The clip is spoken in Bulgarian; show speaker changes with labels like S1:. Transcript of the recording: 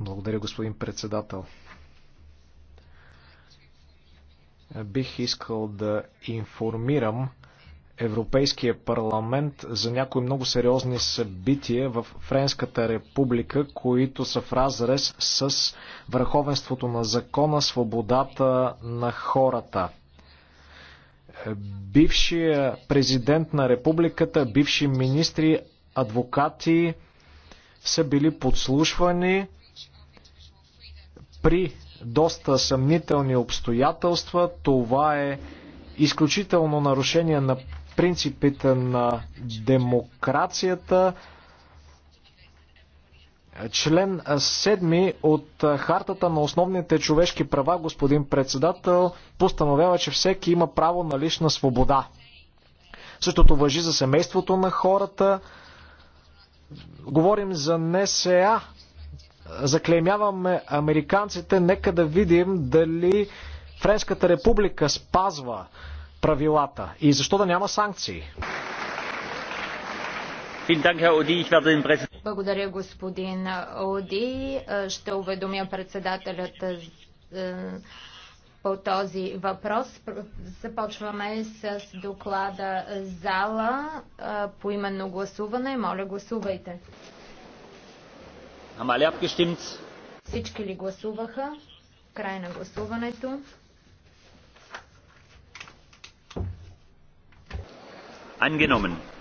S1: Благодаря, господин председател. Бих искал да информирам Европейския парламент за някои много сериозни събития в Френската република, които са в разрез с върховенството на закона, свободата на хората бившия президент на републиката, бивши министри, адвокати, са били подслушвани при доста съмнителни обстоятелства. Това е изключително нарушение на принципите на демокрацията. Член 7 от Хартата на основните човешки права, господин председател, постановява, че всеки има право на лична свобода. Същото въжи за семейството на хората, говорим за НСА, заклеймяваме американците, нека да видим дали Френската република спазва правилата и защо да няма санкции.
S2: Благодаря, господин Оди. Ще уведомя председателят е, по този въпрос. Започваме с доклада зала по именно гласуване. Моля, гласувайте. Всички ли гласуваха? Край на гласуването. Ангеномен.